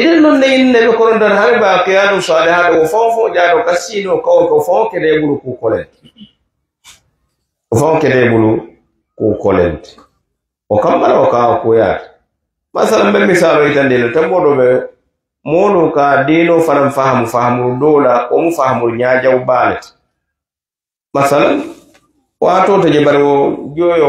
iɗen nun ne inne ɓe kono ɗon hami baqiyaɗum salihaɗo o fon fo jaaɗo ka siino kawo ko fon kede ɓuru kukolente o fon kede ɓuru kukolente o kammala o kaa ya masalan ɓe misalo yitandino temmoɗo ɓe moolu ka diino fanan fahamu o dowla omu fahamuru ñaajaw baalete masalan o joyo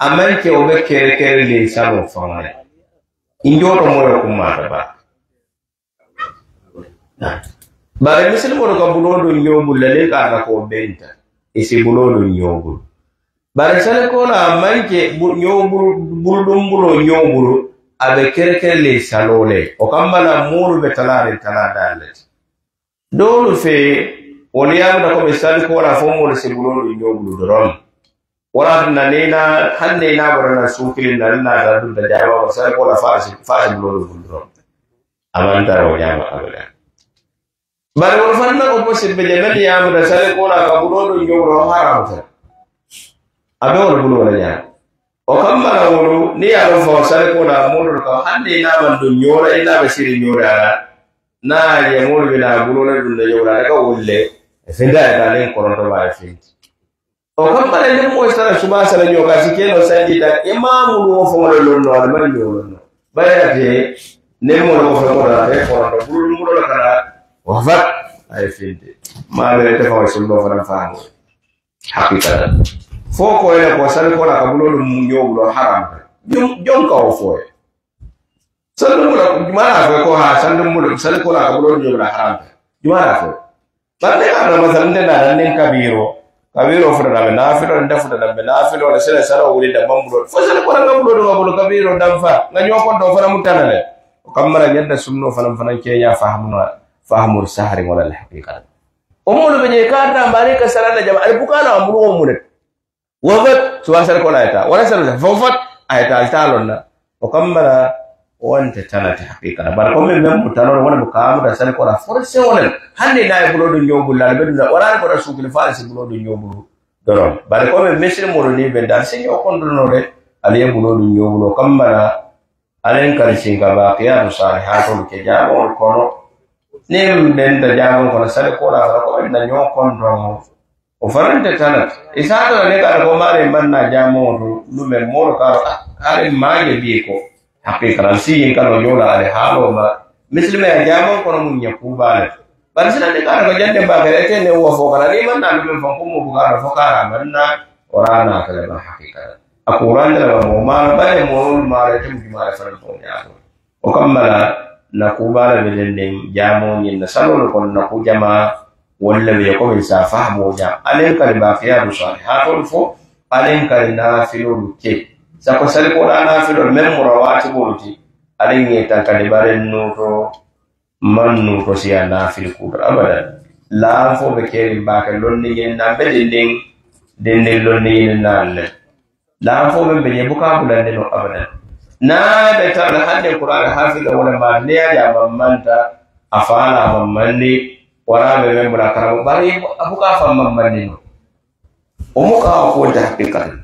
amman ke o be kere kere le sabo fangare injoto moyo kumata ba bare misil mo ko bulo do nyobu lele ka na ko benta e si bulo do nyobu bare sale ko na amman ke nyobu bulo dum bulo nyobu abe kere kere le salole o kambala muru be talare talada let dolu fe woni yaa da ko be sale ko na fomo le si bulo do nyobu do rom wala na ne na hanne na bar na su kilin da na da dun da jawa ba sai ko la fa'ish fa'ish lo lo gundro aman da ro ya ma abada bar wal fanna ko sibbe jabe ya mu da sai ko la ka budo do yo ro haram ta abe wal budo wala ya o kammala wolu ni ko aɗon fawa sare kona muɗol kam hande naman ɗum ñora e naɓe siri ala. na yemol wina gulona ɗum no yowrare ka wolle e fenda ta tanen koronto ba ya fi. okammala nemukwesala kuba asabanyooka sikeno sajida imamu nuwofoŋolo lonno alimaliyo lonno bayate nemolo kofoŋolate forondo bululu mulola kana wafat aye finte maabere tefaŋo sululo fana faamu hakikata fo koyene ko sali kola ka bulolu munjobulo haramta jonka wo foye sandumula jumana foye ko ha sandumula sali kola ka bulolu jobula haramta jumana foye bande kana masal ndenana nen kabiro kabiro futana ɓe nafilo nde futana ɓe nafilo ne sele sara o wulida bambuɗo fo sele konanga ɓuɗoɗo gaɓoɗo kabiro danfa ga ñokonto o fana mu tanane o kammara ñadda sumno fanan fanan keña fahamuna fahamul sahari wala alhaqiqat o mulu ɓe karta mbari ka salana jama aɗa bukana a mulugo munet wafat suwa sere kono ayta wala sere fofat ayta altalonna o wonte talati haqiqata bara ko min men mo talore wona mo kaamuta sane kora forcé wonen hannde nayi buloɗo ñowbullade ɓeɗa waɗani koɗa suukili faala si buloɗo ñowbulu donon bare ko min misiri moɗo ni ɓe dar siño kondonore alaye buloɗo ñowbulo kammana alen kadi sinka baqiyatu salihatolu ke jaɓol kono nin ɓenta jaɓol kono sane kora fala ko ɓenna ño kondomo o farante tanat e satana ne kaɗa ko maɗe mbanna jamoto ɗumen moɗo karo aɗen ah, maaje biye ko haqiqatan si kano yola ale halo ba mislima ya jamon kono mun ya kubala bari sina ne kara gajande ba gare te ne wo fokara ni man na dum fon kumu bugara fokara manna orana kala ba haqiqatan akuran da mo ma bare mo ma re tum ma re fara ko ya o kammala na ku bilen ne jamon yin salol kon na ku jama walla be ko min sa fahmo ja alen kal ba fiya du salihatun fo alen kal na filo ke sako salikoɗa nafilo même morawatiɓolu ti aɗaye tan kadi ɓaren nuto man nuto si a nafili kuto abadan laafoɓe kerin bake lonniyenna ɓe ɗenden denden lonniyenna allah laafoɓe ɓe ñe buka bulande no abadan naɓe taɓla hande kurane hafila wolema neyaja mammanta a fala mammandi waraɓe men bona karamo ɓari buka fa mammandi no omuka o kowonta haqqiqatan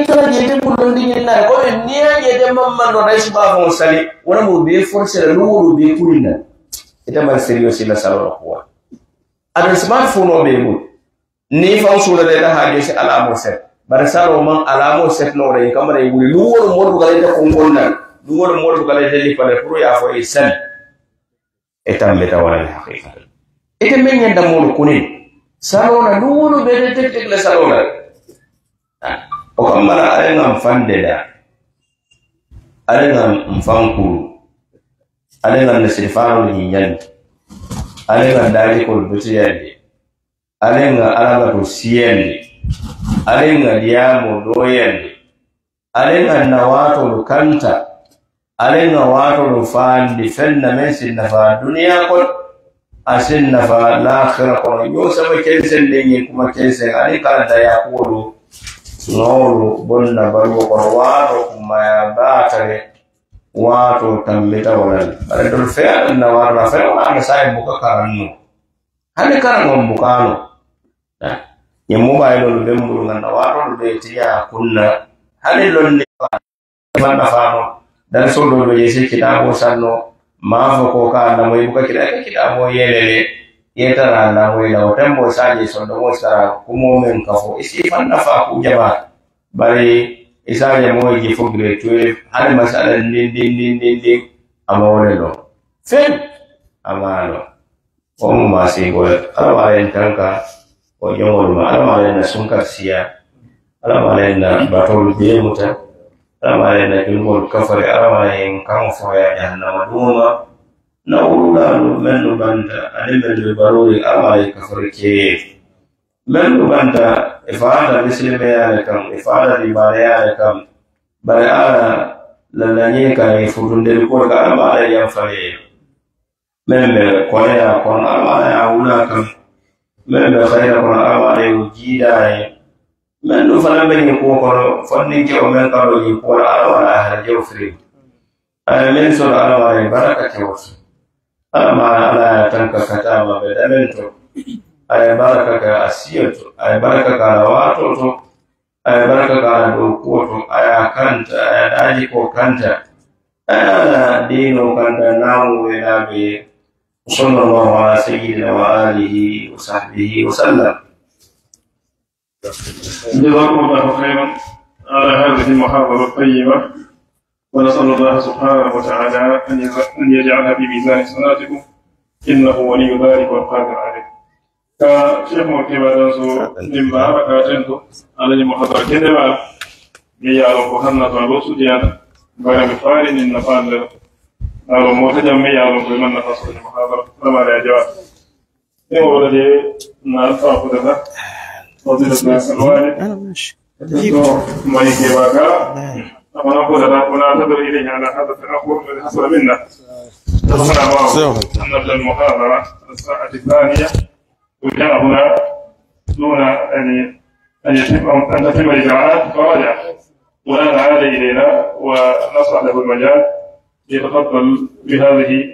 itu jede mulondi ñinna ko niya jede mamman no rais ba fon sali wona mo be force la no woro be kulina ita man serious la salo ko ada smartphone o be mu ni fa usula de haaje si ala mo set bar salo man ala mo set no re kamara e wuri no woro mo dugale ta ko ngonna no woro mo dugale de li pale pro ya fo e sen ita mbeta wala ya haqiqa ita men yanda mo kunin salo na no woro be de tek tek la salo na ah. o kam mara ala ŋa nfaŋ deda ala ŋa nfaŋ kuru ala ŋa nasilifaanolu hiñandi ala ŋa daajikolu beteyandi ala ŋa alabatu siyandi ala ŋa diyaamo dooyandi ala ŋa nawaatolu kanta ala ŋa waatolu faandi feŋ na meŋ si nafaa duniyaa kono a si nafa lahira kono ñoo saba kenseŋ de ñiŋ kuma kenseŋ aniŋ kala dayaa noolu bonna baluwo kono waato kummaya baatale waato tambita walal bare dol feyaɗan na waato la feyo maata saye buka karanno hani karangon bukano ñe mobayilolu ɓen mburu ganna waatolu ɓe tiya kunna hani lonne fanna faano dan soldol ɓe jesi kitabo sanno maafo ko ka andamo i buka kiɗa kitabo yelele yetana na wela o tembo saje sondo mo sara kumomen kafo isi fanna fa ku bari isaje mo ji fo grade masala nin nin nin ama wala fen ama no o mu ma sai go ala ma len tanka o na sunka siya ala ma len na batol be muta ala ma len na jongol kafare ala ma len kan fo ya jahannama duma na ɗum ɓen ɗo banta ani ɓen ɗo barori kafar ke. ɓen ɗo banta e faada misilimeyare kam e faada ribaneyare kam bare ara lallanye kan e futunderi koy ka amaye yan faye men ɓe koyra kon amaye a wula kam men ɓe fayra kon amaye o jiidaye men ɗum fana ɓe ko kuo kono fonninke o men kaɗo ñin kuona ala wala harjew firin. aye men sono ala wala e baraka kewata amma ala ya tanka ma ɓe ɗaɓento aye baraka ka asiyo to aye baraka ka ala wato to aye baraka ka ala dow kuwo to kanta aya ɗaji ko kanta ala dino kanta namu wenaɓe صلى الله على سيدنا وآله وصحبه وسلم جزاكم الله خيرا على هذه المحاضرة الطيبة ونسأل الله سبحانه وتعالى أن يجعلها في ميزان صلاتكم إنه ولي ذلك والقادر عليه كشيخ مركبة دانسو نمبا بكاتنتو على المحضر كنبا ميالو كهنا تعلو سجيانا بارم فارن النفان لنا ألو مرتجم ميالو بمن نفسه المحضر لما لا جواب إيه إن ولدي نعرف أخذ الله فضيلة الوالد أنا ماشي ما يجي نعم. أو نقول لا نعتذر إليه على هذا التأخر الذي حصل منا تصنع أن المحاضرة الساعة الثانية وكان هنا دون يعني أن يتم أن تتم الإجراءات فرجع والآن عاد إلينا ونصح له المجال ليتفضل بهذه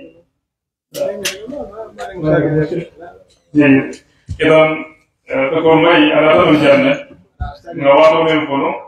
جيد إذا آه، تكون معي على هذا الجانب نواضع من فنون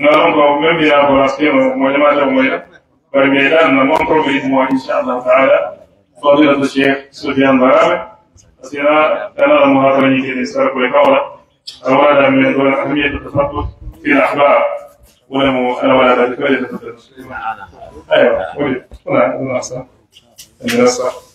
نعم، كو ميم بيا بولا سكيم مو جما لا مو يا بار ميدان ما مون كو بيد مو ان شاء الله تعالى فضيلة الشيخ سفيان ضرابة أسينا أنا المهاتر نيتي نسأل كل قولة أولا من دون أهمية التخطط في الأحباب ولم أنا ولا ذلك ولا تتفضل أيوه نعم، هنا هنا أحسن هنا أحسن